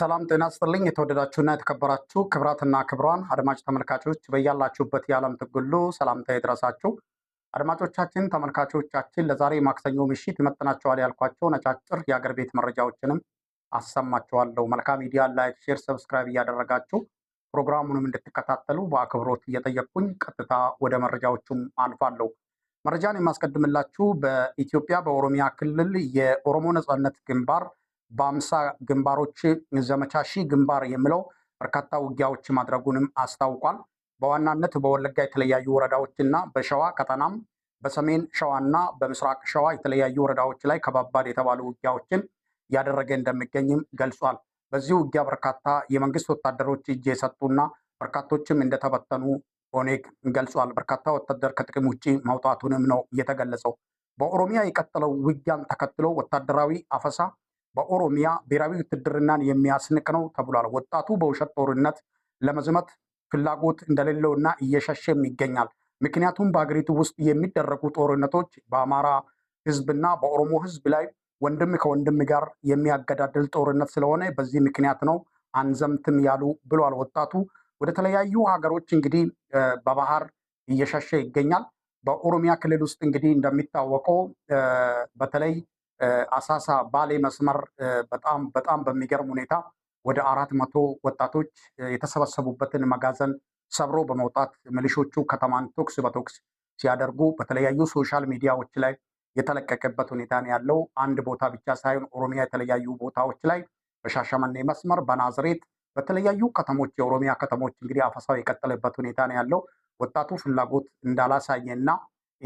ሰላም ጤና ስጥልኝ። የተወደዳችሁና የተከበራችሁ ክብራትና ክብሯን አድማጭ ተመልካቾች በያላችሁበት የዓለም ትጉሉ ሰላምታ ይድረሳችሁ። አድማጮቻችን፣ ተመልካቾቻችን ለዛሬ ማክሰኞ ምሽት ይመጥናቸዋል ያልኳቸው ነጫጭር የአገር ቤት መረጃዎችንም አሰማችኋለሁ። መልካም ሚዲያ ላይክ፣ ሼር፣ ሰብስክራይብ እያደረጋችሁ ፕሮግራሙንም እንድትከታተሉ በአክብሮት እየጠየቅኩኝ ቀጥታ ወደ መረጃዎቹም አልፋለሁ። መረጃን የማስቀድምላችሁ በኢትዮጵያ በኦሮሚያ ክልል የኦሮሞ ነጻነት ግንባር በአምሳ ግንባሮች ዘመቻ ሺ ግንባር የሚለው በርካታ ውጊያዎች ማድረጉንም አስታውቋል። በዋናነት በወለጋ የተለያዩ ወረዳዎችና በሸዋ ቀጠናም በሰሜን ሸዋና በምስራቅ ሸዋ የተለያዩ ወረዳዎች ላይ ከባባድ የተባሉ ውጊያዎችን እያደረገ እንደሚገኝም ገልጿል። በዚህ ውጊያ በርካታ የመንግስት ወታደሮች እጅ የሰጡና በርካቶችም እንደተበተኑ ኦኔግ ገልጿል። በርካታ ወታደር ከጥቅም ውጭ ማውጣቱንም ነው የተገለጸው። በኦሮሚያ የቀጠለው ውጊያን ተከትሎ ወታደራዊ አፈሳ በኦሮሚያ ብሔራዊ ውትድርናን የሚያስንቅ ነው ተብሏል። ወጣቱ በውሸት ጦርነት ለመዝመት ፍላጎት እንደሌለውና እየሸሸም ይገኛል። ምክንያቱም በሀገሪቱ ውስጥ የሚደረጉ ጦርነቶች በአማራ ህዝብና በኦሮሞ ህዝብ ላይ ወንድም ከወንድም ጋር የሚያገዳድል ጦርነት ስለሆነ በዚህ ምክንያት ነው አንዘምትም ያሉ ብሏል። ወጣቱ ወደ ተለያዩ ሀገሮች እንግዲህ በባህር እየሸሸ ይገኛል። በኦሮሚያ ክልል ውስጥ እንግዲህ እንደሚታወቀው በተለይ አሳሳ ባሌ መስመር በጣም በጣም በሚገርም ሁኔታ ወደ አራት መቶ ወጣቶች የተሰበሰቡበትን መጋዘን ሰብሮ በመውጣት ሚሊሾቹ ከተማን ቶክስ በቶክስ ሲያደርጉ በተለያዩ ሶሻል ሚዲያዎች ላይ የተለቀቀበት ሁኔታ ነው ያለው። አንድ ቦታ ብቻ ሳይሆን ኦሮሚያ የተለያዩ ቦታዎች ላይ በሻሸመኔ መስመር፣ በናዝሬት፣ በተለያዩ ከተሞች የኦሮሚያ ከተሞች እንግዲህ አፈሳው የቀጠለበት ሁኔታ ነው ያለው። ወጣቱ ፍላጎት እንዳላሳየ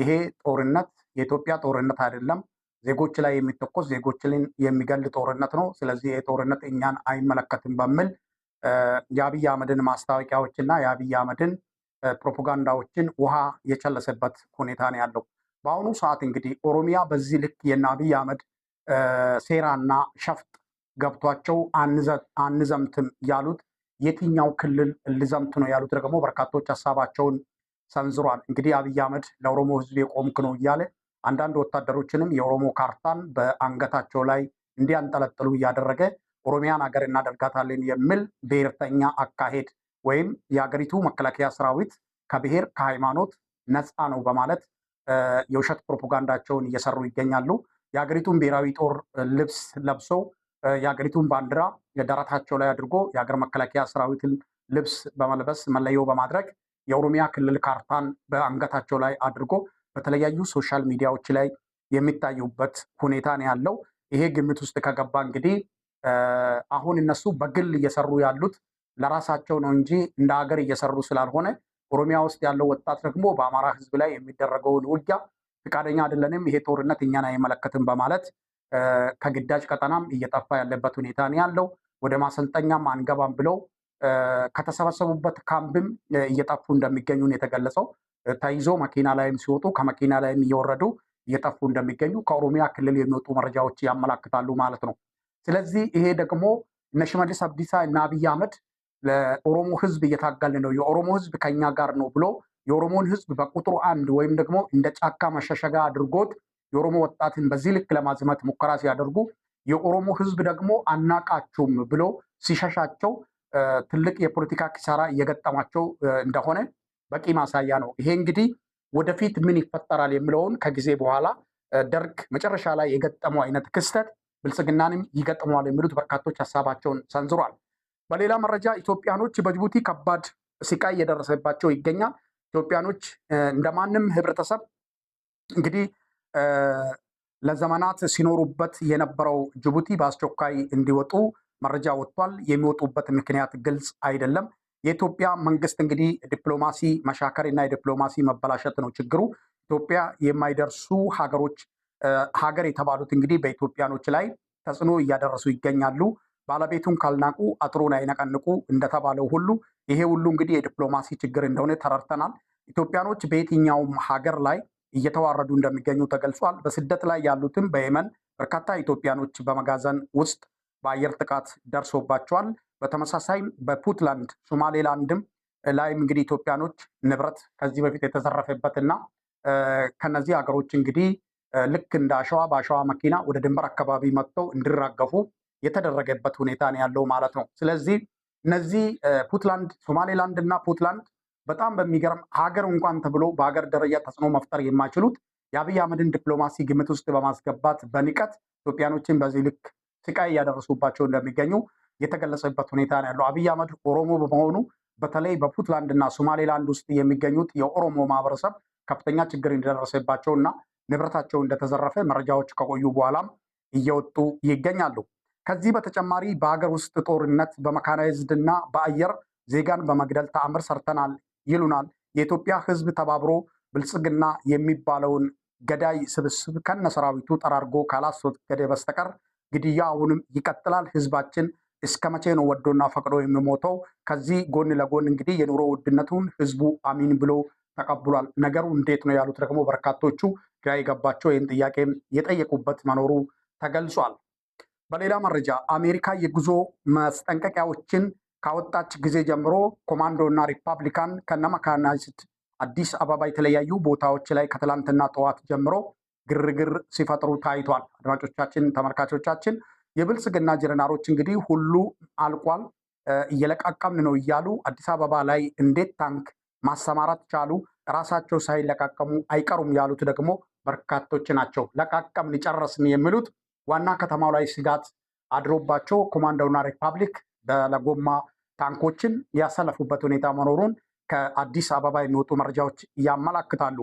ይሄ ጦርነት የኢትዮጵያ ጦርነት አይደለም ዜጎች ላይ የሚተኮስ ዜጎችን የሚገል ጦርነት ነው። ስለዚህ ይህ ጦርነት እኛን አይመለከትም በሚል የአብይ አህመድን ማስታወቂያዎችና የአብይ አህመድን ፕሮፓጋንዳዎችን ውሃ የቸለሰበት ሁኔታ ነው ያለው። በአሁኑ ሰዓት እንግዲህ ኦሮሚያ በዚህ ልክ የና አብይ አህመድ ሴራና ሸፍጥ ገብቷቸው አንዘምትም ያሉት የትኛው ክልል ልዘምት ነው ያሉት ደግሞ በርካቶች ሀሳባቸውን ሰንዝሯል። እንግዲህ አብይ አህመድ ለኦሮሞ ህዝብ የቆምክ ነው እያለ አንዳንድ ወታደሮችንም የኦሮሞ ካርታን በአንገታቸው ላይ እንዲያንጠለጥሉ እያደረገ ኦሮሚያን ሀገር እናደርጋታለን የሚል ብሔርተኛ አካሄድ ወይም የሀገሪቱ መከላከያ ሰራዊት ከብሔር ከሃይማኖት ነፃ ነው በማለት የውሸት ፕሮፓጋንዳቸውን እየሰሩ ይገኛሉ። የሀገሪቱን ብሔራዊ ጦር ልብስ ለብሰው የሀገሪቱን ባንዲራ ደረታቸው ላይ አድርጎ የሀገር መከላከያ ሰራዊትን ልብስ በመልበስ መለዮ በማድረግ የኦሮሚያ ክልል ካርታን በአንገታቸው ላይ አድርጎ በተለያዩ ሶሻል ሚዲያዎች ላይ የሚታዩበት ሁኔታ ነው ያለው። ይሄ ግምት ውስጥ ከገባ እንግዲህ አሁን እነሱ በግል እየሰሩ ያሉት ለራሳቸው ነው እንጂ እንደ ሀገር እየሰሩ ስላልሆነ ኦሮሚያ ውስጥ ያለው ወጣት ደግሞ በአማራ ሕዝብ ላይ የሚደረገውን ውጊያ ፍቃደኛ አይደለንም፣ ይሄ ጦርነት እኛን አይመለከትም በማለት ከግዳጅ ቀጠናም እየጠፋ ያለበት ሁኔታ ነው ያለው። ወደ ማሰልጠኛም አንገባም ብለው ከተሰበሰቡበት ካምፕም እየጠፉ እንደሚገኙ የተገለጸው። ተይዞ መኪና ላይም ሲወጡ ከመኪና ላይም እየወረዱ እየጠፉ እንደሚገኙ ከኦሮሚያ ክልል የሚወጡ መረጃዎች ያመላክታሉ ማለት ነው። ስለዚህ ይሄ ደግሞ እነ ሽመልስ አብዲሳ እና አብይ አህመድ ለኦሮሞ ህዝብ እየታገልን ነው፣ የኦሮሞ ህዝብ ከኛ ጋር ነው ብሎ የኦሮሞን ህዝብ በቁጥሩ አንድ ወይም ደግሞ እንደ ጫካ መሸሸጋ አድርጎት የኦሮሞ ወጣትን በዚህ ልክ ለማዝመት ሙከራ ሲያደርጉ የኦሮሞ ህዝብ ደግሞ አናቃችሁም ብሎ ሲሸሻቸው ትልቅ የፖለቲካ ኪሳራ እየገጠማቸው እንደሆነ በቂ ማሳያ ነው። ይሄ እንግዲህ ወደፊት ምን ይፈጠራል የሚለውን ከጊዜ በኋላ ደርግ መጨረሻ ላይ የገጠመው አይነት ክስተት ብልጽግናንም ይገጥመዋል የሚሉት በርካቶች ሀሳባቸውን ሰንዝሯል። በሌላ መረጃ ኢትዮጵያኖች በጅቡቲ ከባድ ስቃይ እየደረሰባቸው ይገኛል። ኢትዮጵያኖች እንደማንም ህብረተሰብ እንግዲህ ለዘመናት ሲኖሩበት የነበረው ጅቡቲ በአስቸኳይ እንዲወጡ መረጃ ወጥቷል። የሚወጡበት ምክንያት ግልጽ አይደለም። የኢትዮጵያ መንግስት እንግዲህ ዲፕሎማሲ መሻከር እና የዲፕሎማሲ መበላሸት ነው ችግሩ። ኢትዮጵያ የማይደርሱ ሀገሮች ሀገር የተባሉት እንግዲህ በኢትዮጵያኖች ላይ ተጽዕኖ እያደረሱ ይገኛሉ። ባለቤቱን ካልናቁ አጥሩን አይነቀንቁ እንደተባለው ሁሉ ይሄ ሁሉ እንግዲህ የዲፕሎማሲ ችግር እንደሆነ ተረድተናል። ኢትዮጵያኖች በየትኛውም ሀገር ላይ እየተዋረዱ እንደሚገኙ ተገልጿል። በስደት ላይ ያሉትም በየመን በርካታ ኢትዮጵያኖች በመጋዘን ውስጥ በአየር ጥቃት ደርሶባቸዋል። በተመሳሳይም በፑትላንድ ሶማሌላንድም ላይም እንግዲህ ኢትዮጵያኖች ንብረት ከዚህ በፊት የተዘረፈበትና ከነዚህ ሀገሮች እንግዲህ ልክ እንደ አሸዋ በአሸዋ መኪና ወደ ድንበር አካባቢ መጥተው እንዲራገፉ የተደረገበት ሁኔታ ነው ያለው ማለት ነው። ስለዚህ እነዚህ ፑትላንድ ሶማሌላንድ እና ፑትላንድ በጣም በሚገርም ሀገር እንኳን ተብሎ በሀገር ደረጃ ተጽዕኖ መፍጠር የማይችሉት የአብይ አህመድን ዲፕሎማሲ ግምት ውስጥ በማስገባት በንቀት ኢትዮጵያኖችን በዚህ ልክ ስቃይ እያደረሱባቸው እንደሚገኙ የተገለጸበት ሁኔታ ነው ያለው። አብይ አህመድ ኦሮሞ በመሆኑ በተለይ በፑትላንድ እና ሶማሌላንድ ውስጥ የሚገኙት የኦሮሞ ማህበረሰብ ከፍተኛ ችግር እንደደረሰባቸው እና ንብረታቸው እንደተዘረፈ መረጃዎች ከቆዩ በኋላም እየወጡ ይገኛሉ። ከዚህ በተጨማሪ በሀገር ውስጥ ጦርነት በመካናይዝድ እና በአየር ዜጋን በመግደል ተአምር ሰርተናል ይሉናል። የኢትዮጵያ ሕዝብ ተባብሮ ብልጽግና የሚባለውን ገዳይ ስብስብ ከነ ሰራዊቱ ጠራርጎ ካላስወገደ በስተቀር ግድያ አሁንም ይቀጥላል። ሕዝባችን እስከ መቼ ነው ወዶና ፈቅዶ የሚሞተው? ከዚህ ጎን ለጎን እንግዲህ የኑሮ ውድነቱን ህዝቡ አሚን ብሎ ተቀብሏል። ነገሩ እንዴት ነው ያሉት ደግሞ በርካቶቹ ግራ የገባቸው ይህም ጥያቄ የጠየቁበት መኖሩ ተገልጿል። በሌላ መረጃ አሜሪካ የጉዞ ማስጠንቀቂያዎችን ካወጣች ጊዜ ጀምሮ ኮማንዶ እና ሪፐብሊካን ከነመካናይዝድ አዲስ አበባ የተለያዩ ቦታዎች ላይ ከትላንትና ጠዋት ጀምሮ ግርግር ሲፈጥሩ ታይቷል። አድማጮቻችን፣ ተመልካቾቻችን የብልጽግና ጀነራሎች እንግዲህ ሁሉ አልቋል፣ እየለቃቀምን ነው እያሉ አዲስ አበባ ላይ እንዴት ታንክ ማሰማራት ቻሉ? ራሳቸው ሳይለቃቀሙ አይቀሩም ያሉት ደግሞ በርካቶች ናቸው። ለቃቀምን ጨረስን የሚሉት ዋና ከተማው ላይ ስጋት አድሮባቸው ኮማንዶና ሪፐብሊክ በለጎማ ታንኮችን ያሰለፉበት ሁኔታ መኖሩን ከአዲስ አበባ የሚወጡ መረጃዎች ያመላክታሉ።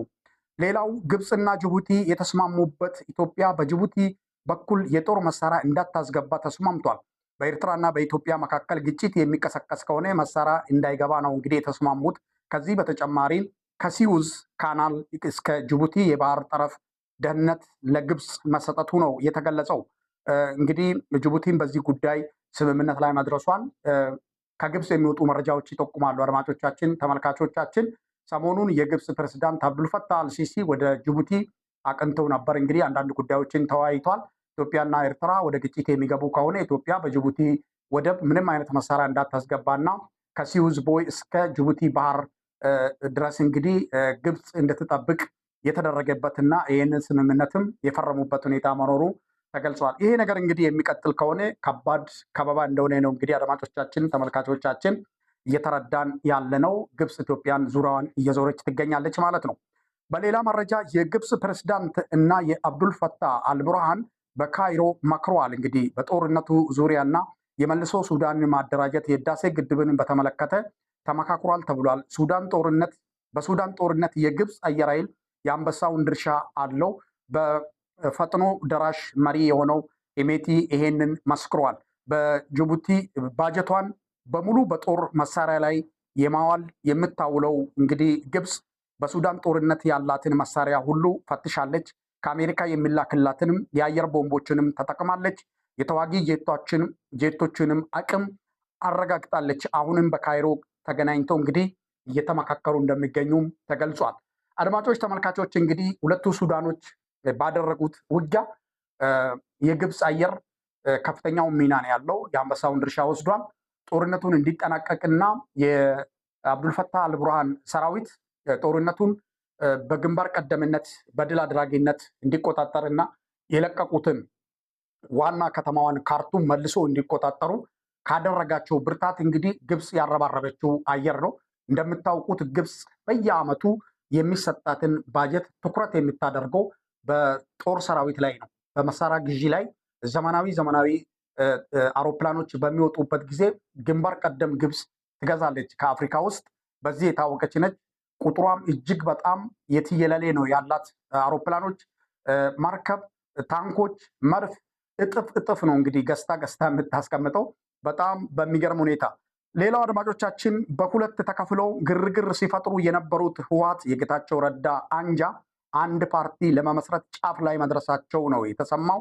ሌላው ግብፅና ጅቡቲ የተስማሙበት ኢትዮጵያ በጅቡቲ በኩል የጦር መሳሪያ እንዳታስገባ ተስማምቷል። በኤርትራና በኢትዮጵያ መካከል ግጭት የሚቀሰቀስ ከሆነ መሳሪያ እንዳይገባ ነው እንግዲህ የተስማሙት። ከዚህ በተጨማሪ ከሲውዝ ካናል እስከ ጅቡቲ የባህር ጠረፍ ደህንነት ለግብፅ መሰጠቱ ነው የተገለጸው። እንግዲህ ጅቡቲን በዚህ ጉዳይ ስምምነት ላይ መድረሷን ከግብፅ የሚወጡ መረጃዎች ይጠቁማሉ። አድማጮቻችን፣ ተመልካቾቻችን ሰሞኑን የግብፅ ፕሬዝዳንት አብዱልፈታህ አልሲሲ ወደ ጅቡቲ አቅንተው ነበር። እንግዲህ አንዳንድ ጉዳዮችን ተወያይቷል። ኢትዮጵያና ኤርትራ ወደ ግጭት የሚገቡ ከሆነ ኢትዮጵያ በጅቡቲ ወደብ ምንም አይነት መሳሪያ እንዳታስገባና ከሲዩዝ ቦይ እስከ ጅቡቲ ባህር ድረስ እንግዲህ ግብፅ እንድትጠብቅ የተደረገበትና ይህንን ስምምነትም የፈረሙበት ሁኔታ መኖሩ ተገልጿል። ይሄ ነገር እንግዲህ የሚቀጥል ከሆነ ከባድ ከበባ እንደሆነ ነው እንግዲህ አድማጮቻችን፣ ተመልካቾቻችን እየተረዳን ያለ ነው። ግብፅ ኢትዮጵያን ዙሪያዋን እየዞረች ትገኛለች ማለት ነው። በሌላ መረጃ የግብፅ ፕሬዝዳንት እና የአብዱልፈታ አልብርሃን በካይሮ መክረዋል። እንግዲህ በጦርነቱ ዙሪያና የመልሶ ሱዳን ማደራጀት የህዳሴ ግድብን በተመለከተ ተመካክሯል ተብሏል። ሱዳን ጦርነት በሱዳን ጦርነት የግብፅ አየር ኃይል የአንበሳውን ድርሻ አለው። በፈጥኖ ደራሽ መሪ የሆነው ኤሜቲ ይሄንን መስክሯል። በጅቡቲ ባጀቷን በሙሉ በጦር መሳሪያ ላይ የማዋል የምታውለው እንግዲህ ግብፅ በሱዳን ጦርነት ያላትን መሳሪያ ሁሉ ፈትሻለች። ከአሜሪካ የሚላክላትንም የአየር ቦምቦችንም ተጠቅማለች። የተዋጊ ጄቶችንም አቅም አረጋግጣለች። አሁንም በካይሮ ተገናኝተው እንግዲህ እየተመካከሩ እንደሚገኙም ተገልጿል። አድማጮች፣ ተመልካቾች እንግዲህ ሁለቱ ሱዳኖች ባደረጉት ውጊያ የግብፅ አየር ከፍተኛውን ሚና ነው ያለው። የአንበሳውን ድርሻ ወስዷል። ጦርነቱን እንዲጠናቀቅና የአብዱልፈታህ አልቡርሃን ሰራዊት ጦርነቱን በግንባር ቀደምነት በድል አድራጊነት እንዲቆጣጠር እና የለቀቁትን ዋና ከተማዋን ካርቱም መልሶ እንዲቆጣጠሩ ካደረጋቸው ብርታት እንግዲህ ግብፅ ያረባረበችው አየር ነው። እንደምታውቁት ግብፅ በየዓመቱ የሚሰጣትን ባጀት ትኩረት የምታደርገው በጦር ሰራዊት ላይ ነው፣ በመሳሪያ ግዢ ላይ ዘመናዊ ዘመናዊ አውሮፕላኖች በሚወጡበት ጊዜ ግንባር ቀደም ግብፅ ትገዛለች። ከአፍሪካ ውስጥ በዚህ የታወቀች ነች። ቁጥሯም እጅግ በጣም የትየለሌ ነው ያላት አውሮፕላኖች፣ መርከብ፣ ታንኮች፣ መድፍ እጥፍ እጥፍ ነው እንግዲህ ገዝታ ገዝታ የምታስቀምጠው በጣም በሚገርም ሁኔታ። ሌላው አድማጮቻችን በሁለት ተከፍለው ግርግር ሲፈጥሩ የነበሩት ህወሓት የጌታቸው ረዳ አንጃ አንድ ፓርቲ ለመመስረት ጫፍ ላይ መድረሳቸው ነው የተሰማው።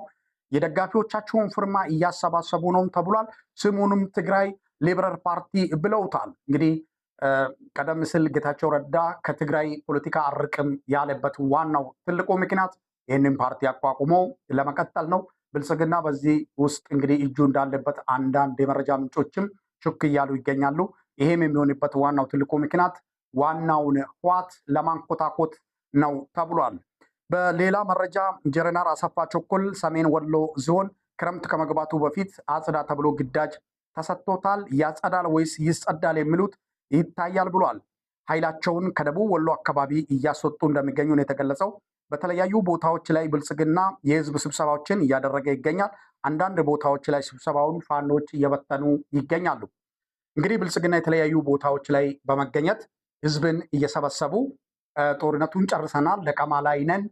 የደጋፊዎቻቸውን ፍርማ እያሰባሰቡ ነው ተብሏል። ስሙንም ትግራይ ሊበራል ፓርቲ ብለውታል። እንግዲህ ቀደም ሲል ጌታቸው ረዳ ከትግራይ ፖለቲካ አርቅም ያለበት ዋናው ትልቁ ምክንያት ይህንን ፓርቲ አቋቁሞ ለመቀጠል ነው። ብልጽግና በዚህ ውስጥ እንግዲህ እጁ እንዳለበት አንዳንድ የመረጃ ምንጮችም ሹክ እያሉ ይገኛሉ። ይህም የሚሆንበት ዋናው ትልቁ ምክንያት ዋናውን ህዋት ለማንኮታኮት ነው ተብሏል። በሌላ መረጃ ጀነራል አሰፋ ቸኮል ሰሜን ወሎ ዞን ክረምት ከመግባቱ በፊት አጽዳ ተብሎ ግዳጅ ተሰጥቶታል። ያጸዳል ወይስ ይጸዳል የሚሉት ይታያል ብሏል። ኃይላቸውን ከደቡብ ወሎ አካባቢ እያስወጡ እንደሚገኙ ነው የተገለጸው። በተለያዩ ቦታዎች ላይ ብልጽግና የህዝብ ስብሰባዎችን እያደረገ ይገኛል። አንዳንድ ቦታዎች ላይ ስብሰባውን ፋኖች እየበተኑ ይገኛሉ። እንግዲህ ብልጽግና የተለያዩ ቦታዎች ላይ በመገኘት ህዝብን እየሰበሰቡ ጦርነቱን ጨርሰናል፣ ለቀማ ላይ ነን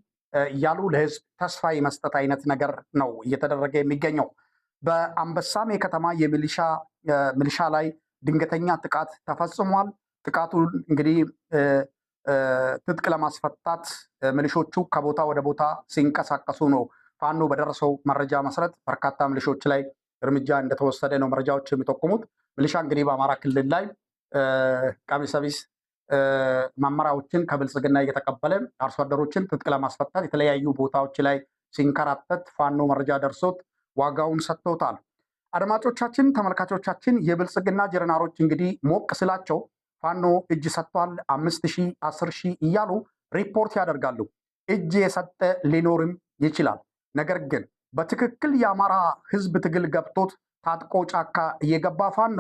እያሉ ለህዝብ ተስፋ የመስጠት አይነት ነገር ነው እየተደረገ የሚገኘው። በአንበሳሜ ከተማ የሚሊሻ ላይ ድንገተኛ ጥቃት ተፈጽሟል። ጥቃቱ እንግዲህ ትጥቅ ለማስፈታት ሚሊሾቹ ከቦታ ወደ ቦታ ሲንቀሳቀሱ ነው። ፋኖ በደረሰው መረጃ መሰረት በርካታ ሚሊሾች ላይ እርምጃ እንደተወሰደ ነው መረጃዎች የሚጠቁሙት። ሚሊሻ እንግዲህ በአማራ ክልል ላይ ቀሚሰቢስ መመሪያዎችን ከብልጽግና እየተቀበለ አርሶ አደሮችን ትጥቅ ለማስፈታት የተለያዩ ቦታዎች ላይ ሲንከራተት ፋኖ መረጃ ደርሶት ዋጋውን ሰጥቶታል። አድማጮቻችን፣ ተመልካቾቻችን የብልጽግና ጀረናሮች እንግዲህ ሞቅ ስላቸው ፋኖ እጅ ሰጥቷል፣ አምስት ሺህ አስር ሺህ እያሉ ሪፖርት ያደርጋሉ። እጅ የሰጠ ሊኖርም ይችላል። ነገር ግን በትክክል የአማራ ህዝብ ትግል ገብቶት ታጥቆ ጫካ እየገባ ፋኖ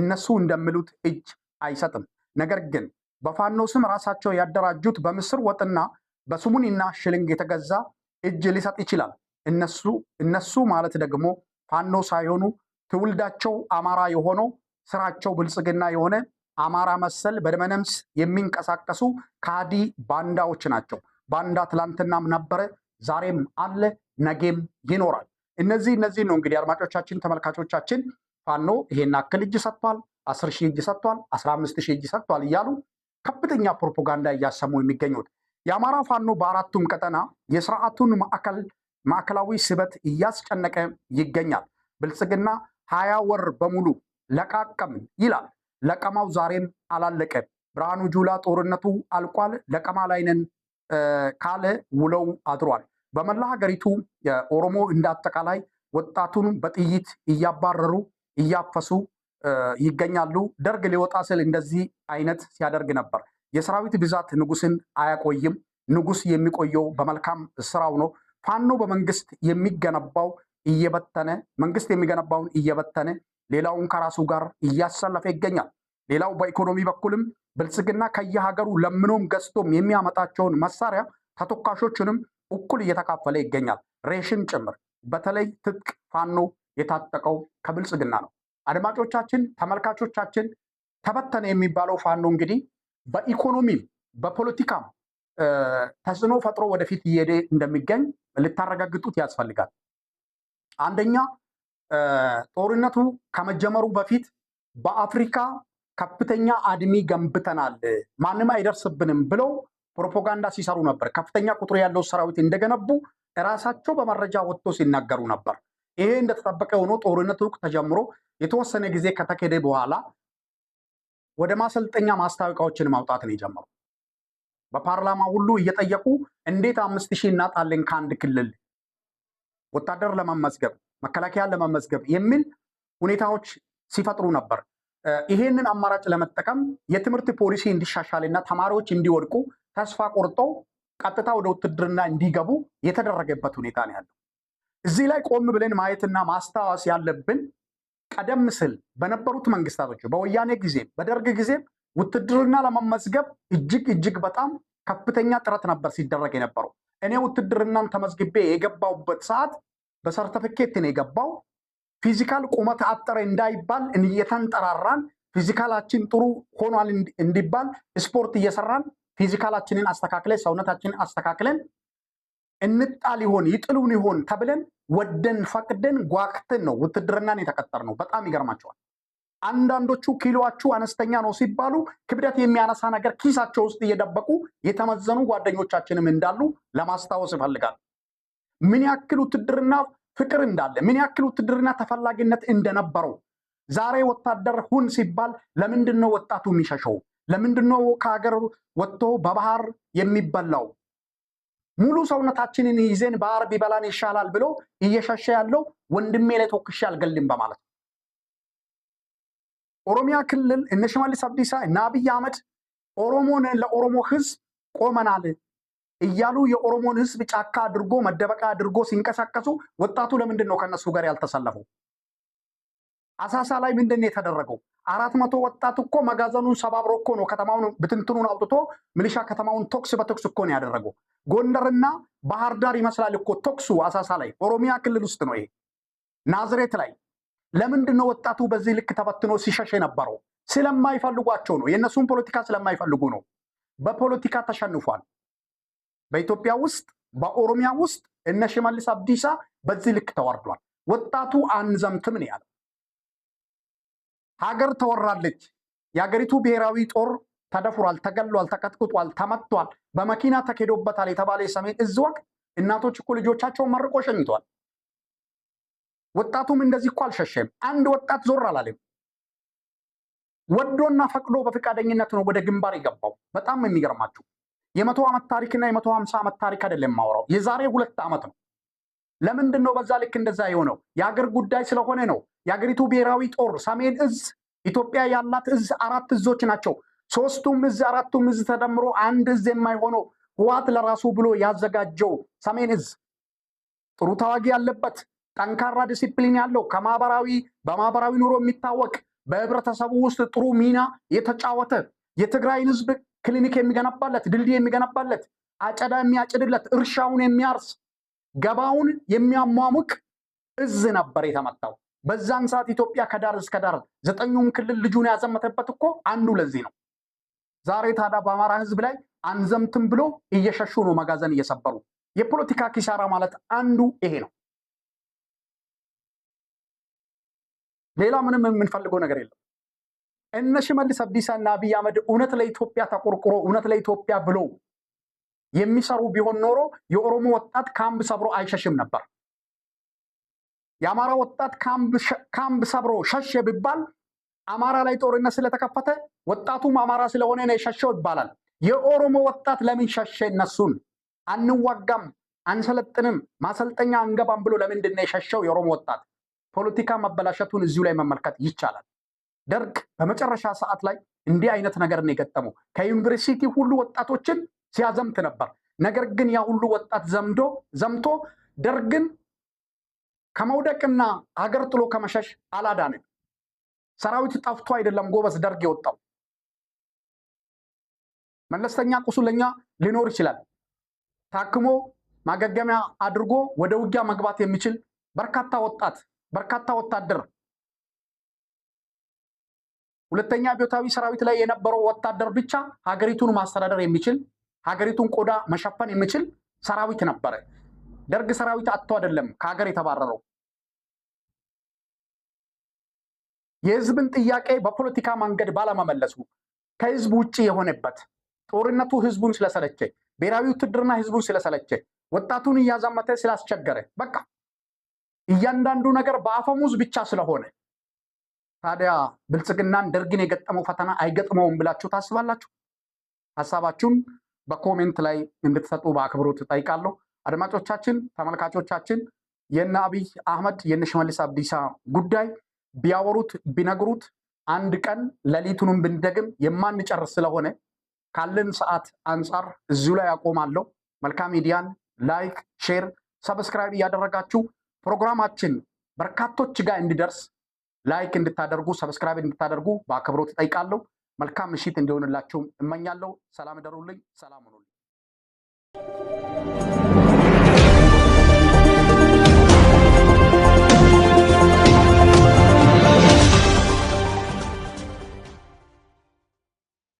እነሱ እንደሚሉት እጅ አይሰጥም። ነገር ግን በፋኖ ስም ራሳቸው ያደራጁት በምስር ወጥና በሱሙኒና ሽልንግ የተገዛ እጅ ሊሰጥ ይችላል። እነሱ ማለት ደግሞ ፋኖ ሳይሆኑ ትውልዳቸው አማራ የሆነው ስራቸው ብልጽግና የሆነ አማራ መሰል በደመነምስ የሚንቀሳቀሱ ካዲ ባንዳዎች ናቸው። ባንዳ ትላንትናም ነበረ፣ ዛሬም አለ፣ ነጌም ይኖራል። እነዚህ እነዚህ ነው እንግዲህ አድማጮቻችን፣ ተመልካቾቻችን ፋኖ ይሄን አክል እጅ ሰጥቷል፣ አስር ሺህ እጅ ሰጥቷል፣ አስራ አምስት ሺህ እጅ ሰጥቷል እያሉ ከፍተኛ ፕሮፓጋንዳ እያሰሙ የሚገኙት የአማራ ፋኖ በአራቱም ቀጠና የስርዓቱን ማዕከል ማዕከላዊ ስበት እያስጨነቀ ይገኛል። ብልጽግና ሀያ ወር በሙሉ ለቃቀምን ይላል። ለቀማው ዛሬም አላለቀ። ብርሃኑ ጁላ ጦርነቱ አልቋል፣ ለቀማ ላይ ነን ካለ ውለው አድሯል። በመላ ሀገሪቱ ኦሮሞ እንዳጠቃላይ አጠቃላይ ወጣቱን በጥይት እያባረሩ እያፈሱ ይገኛሉ። ደርግ ሊወጣ ስል እንደዚህ አይነት ሲያደርግ ነበር። የሰራዊት ብዛት ንጉስን አያቆይም። ንጉስ የሚቆየው በመልካም ስራው ነው። ፋኖ በመንግስት የሚገነባው እየበተነ መንግስት የሚገነባውን እየበተነ ሌላውን ከራሱ ጋር እያሰለፈ ይገኛል። ሌላው በኢኮኖሚ በኩልም ብልጽግና ከየሀገሩ ለምኖም ገዝቶም የሚያመጣቸውን መሳሪያ ተተኳሾችንም እኩል እየተካፈለ ይገኛል። ሬሽን ጭምር። በተለይ ትጥቅ ፋኖ የታጠቀው ከብልጽግና ነው። አድማጮቻችን፣ ተመልካቾቻችን ተበተነ የሚባለው ፋኖ እንግዲህ በኢኮኖሚም በፖለቲካም ተጽዕኖ ፈጥሮ ወደፊት እየሄደ እንደሚገኝ ልታረጋግጡት ያስፈልጋል። አንደኛ ጦርነቱ ከመጀመሩ በፊት በአፍሪካ ከፍተኛ አድሚ ገንብተናል፣ ማንም አይደርስብንም ብለው ፕሮፓጋንዳ ሲሰሩ ነበር። ከፍተኛ ቁጥር ያለው ሰራዊት እንደገነቡ እራሳቸው በመረጃ ወጥቶ ሲናገሩ ነበር። ይሄ እንደተጠበቀ ሆኖ ጦርነቱ ተጀምሮ የተወሰነ ጊዜ ከተካሄደ በኋላ ወደ ማሰልጠኛ ማስታወቂያዎችን ማውጣት ነው የጀመሩ። በፓርላማ ሁሉ እየጠየቁ እንዴት አምስት ሺህ እናጣለን ከአንድ ክልል ወታደር ለመመዝገብ መከላከያ ለመመዝገብ የሚል ሁኔታዎች ሲፈጥሩ ነበር። ይሄንን አማራጭ ለመጠቀም የትምህርት ፖሊሲ እንዲሻሻልና ተማሪዎች እንዲወድቁ ተስፋ ቆርጦ ቀጥታ ወደ ውትድርና እንዲገቡ የተደረገበት ሁኔታ ነው ያለው። እዚህ ላይ ቆም ብለን ማየትና ማስታወስ ያለብን ቀደም ስል በነበሩት መንግስታቶች በወያኔ ጊዜም በደርግ ጊዜም ውትድርና ለመመዝገብ እጅግ እጅግ በጣም ከፍተኛ ጥረት ነበር ሲደረግ የነበረው። እኔ ውትድርናን ተመዝግቤ የገባውበት ሰዓት በሰርተፍኬት ነው የገባው። ፊዚካል ቁመት አጠረ እንዳይባል እየተንጠራራን፣ ፊዚካላችን ጥሩ ሆኗል እንዲባል ስፖርት እየሰራን ፊዚካላችንን አስተካክለን ሰውነታችንን አስተካክለን እንጣል ይሆን ይጥሉን ይሆን ተብለን ወደን ፈቅደን ጓክትን ነው ውትድርናን የተቀጠር ነው። በጣም ይገርማቸዋል። አንዳንዶቹ ኪሎዋችሁ አነስተኛ ነው ሲባሉ ክብደት የሚያነሳ ነገር ኪሳቸው ውስጥ እየደበቁ የተመዘኑ ጓደኞቻችንም እንዳሉ ለማስታወስ እፈልጋለሁ። ምን ያክል ውትድርና ፍቅር እንዳለ፣ ምን ያክል ውትድርና ተፈላጊነት እንደነበረው ዛሬ ወታደር ሁን ሲባል ለምንድን ነው ወጣቱ የሚሸሸው? ለምንድን ነው ከሀገር ወጥቶ በባህር የሚበላው? ሙሉ ሰውነታችንን ይዘን ባህር ቢበላን ይሻላል ብሎ እየሸሸ ያለው ወንድሜ ላይ ተኩሼ አልገልም በማለት ኦሮሚያ ክልል እነ ሽመልስ አብዲሳ እና አብይ አህመድ ኦሮሞን ለኦሮሞ ህዝብ ቆመናል እያሉ የኦሮሞን ህዝብ ጫካ አድርጎ መደበቂያ አድርጎ ሲንቀሳቀሱ ወጣቱ ለምንድን ነው ከነሱ ጋር ያልተሰለፈው? አሳሳ ላይ ምንድን ነው የተደረገው? አራት መቶ ወጣት እኮ መጋዘኑን ሰባብሮ እኮ ነው ከተማውን ብትንትኑን አውጥቶ ሚሊሻ ከተማውን ቶክስ በቶክስ እኮ ነው ያደረገው። ጎንደርና ባህር ዳር ይመስላል እኮ ቶክሱ አሳሳ ላይ ኦሮሚያ ክልል ውስጥ ነው ይሄ ናዝሬት ላይ ለምንድን ነው ወጣቱ በዚህ ልክ ተበትኖ ሲሸሽ የነበረው? ስለማይፈልጓቸው ነው። የእነሱን ፖለቲካ ስለማይፈልጉ ነው። በፖለቲካ ተሸንፏል። በኢትዮጵያ ውስጥ በኦሮሚያ ውስጥ እነ ሽመልስ አብዲሳ በዚህ ልክ ተዋርዷል። ወጣቱ አንዘምትም ነው ያለው። ሀገር ተወራለች። የሀገሪቱ ብሔራዊ ጦር ተደፍሯል፣ ተገሏል፣ ተቀጥቅጧል፣ ተመቷል፣ በመኪና ተኬዶበታል የተባለ የሰሜን እዝ ወቅት እናቶች እኮ ልጆቻቸውን መርቆ ሸኝቷል። ወጣቱም እንደዚህ እኮ አልሸሸም። አንድ ወጣት ዞር አላለም። ወዶና ፈቅዶ በፈቃደኝነት ነው ወደ ግንባር የገባው። በጣም የሚገርማችሁ የመቶ ዓመት ታሪክና የመቶ ሀምሳ ዓመት ታሪክ አይደለም የማወራው፣ የዛሬ ሁለት ዓመት ነው። ለምንድን ነው በዛ ልክ እንደዛ የሆነው? የአገር ጉዳይ ስለሆነ ነው። የአገሪቱ ብሔራዊ ጦር ሰሜን እዝ ኢትዮጵያ ያላት እዝ አራት እዞች ናቸው። ሶስቱም እዝ አራቱም እዝ ተደምሮ አንድ እዝ የማይሆነው ህዋት ለራሱ ብሎ ያዘጋጀው ሰሜን እዝ ጥሩ ተዋጊ ያለበት ጠንካራ ዲሲፕሊን ያለው ከማህበራዊ በማህበራዊ ኑሮ የሚታወቅ በህብረተሰቡ ውስጥ ጥሩ ሚና የተጫወተ የትግራይን ህዝብ ክሊኒክ የሚገነባለት ድልድይ የሚገነባለት አጨዳ የሚያጭድለት እርሻውን የሚያርስ ገባውን የሚያሟሙቅ እዝ ነበር የተመታው። በዛን ሰዓት ኢትዮጵያ ከዳር እስከ ዳር ዘጠኙም ክልል ልጁን ያዘመተበት እኮ አንዱ ለዚህ ነው። ዛሬ ታዲያ በአማራ ህዝብ ላይ አንዘምትም ብሎ እየሸሹ ነው፣ መጋዘን እየሰበሩ የፖለቲካ ኪሳራ ማለት አንዱ ይሄ ነው። ሌላ ምንም የምንፈልገው ነገር የለም። እነ ሽመልስ አብዲሳ እና አብይ አህመድ እውነት ለኢትዮጵያ ተቆርቁሮ እውነት ለኢትዮጵያ ብሎ የሚሰሩ ቢሆን ኖሮ የኦሮሞ ወጣት ካምብ ሰብሮ አይሸሽም ነበር። የአማራ ወጣት ካምብ ሰብሮ ሸሼ ቢባል አማራ ላይ ጦርነት ስለተከፈተ ወጣቱም አማራ ስለሆነ ነው የሸሸው ይባላል። የኦሮሞ ወጣት ለምን ሸሸ? እነሱን አንዋጋም፣ አንሰለጥንም፣ ማሰልጠኛ አንገባም ብሎ ለምንድን ነው የሸሸው የኦሮሞ ወጣት? ፖለቲካ ማበላሸቱን እዚሁ ላይ መመልከት ይቻላል። ደርግ በመጨረሻ ሰዓት ላይ እንዲህ አይነት ነገር ነው የገጠመው። ከዩኒቨርሲቲ ሁሉ ወጣቶችን ሲያዘምት ነበር። ነገር ግን ያ ሁሉ ወጣት ዘምዶ ዘምቶ ደርግን ከመውደቅና አገር ጥሎ ከመሸሽ አላዳንም። ሰራዊት ጠፍቶ አይደለም ጎበዝ ደርግ የወጣው። መለስተኛ ቁስለኛ ሊኖር ይችላል። ታክሞ ማገገሚያ አድርጎ ወደ ውጊያ መግባት የሚችል በርካታ ወጣት በርካታ ወታደር ሁለተኛ አብዮታዊ ሰራዊት ላይ የነበረው ወታደር ብቻ ሀገሪቱን ማስተዳደር የሚችል ሀገሪቱን ቆዳ መሸፈን የሚችል ሰራዊት ነበረ። ደርግ ሰራዊት አጥቶ አይደለም ከሀገር የተባረረው። የህዝብን ጥያቄ በፖለቲካ መንገድ ባለመመለሱ ከህዝብ ውጭ የሆነበት ጦርነቱ ህዝቡን ስለሰለቸ፣ ብሔራዊ ውትድርና ህዝቡን ስለሰለቸ፣ ወጣቱን እያዛመተ ስላስቸገረ በቃ እያንዳንዱ ነገር በአፈሙዝ ብቻ ስለሆነ ታዲያ ብልጽግናን ደርግን የገጠመው ፈተና አይገጥመውም ብላችሁ ታስባላችሁ? ሀሳባችሁን በኮሜንት ላይ እንድትሰጡ በአክብሮት እጠይቃለሁ። አድማጮቻችን፣ ተመልካቾቻችን የነ አብይ አህመድ የነ ሽመልስ አብዲሳ ጉዳይ ቢያወሩት ቢነግሩት አንድ ቀን ሌሊቱንም ብንደግም የማንጨርስ ስለሆነ ካለን ሰዓት አንጻር እዚሁ ላይ አቆማለሁ። መልካም ሚዲያን ላይክ፣ ሼር፣ ሰብስክራይብ እያደረጋችሁ ፕሮግራማችን በርካቶች ጋር እንዲደርስ ላይክ እንድታደርጉ፣ ሰብስክራይብ እንድታደርጉ በአክብሮት እጠይቃለሁ። መልካም ምሽት እንዲሆንላችሁም እመኛለሁ። ሰላም እደሩልኝ። ሰላም ሁኑልኝ።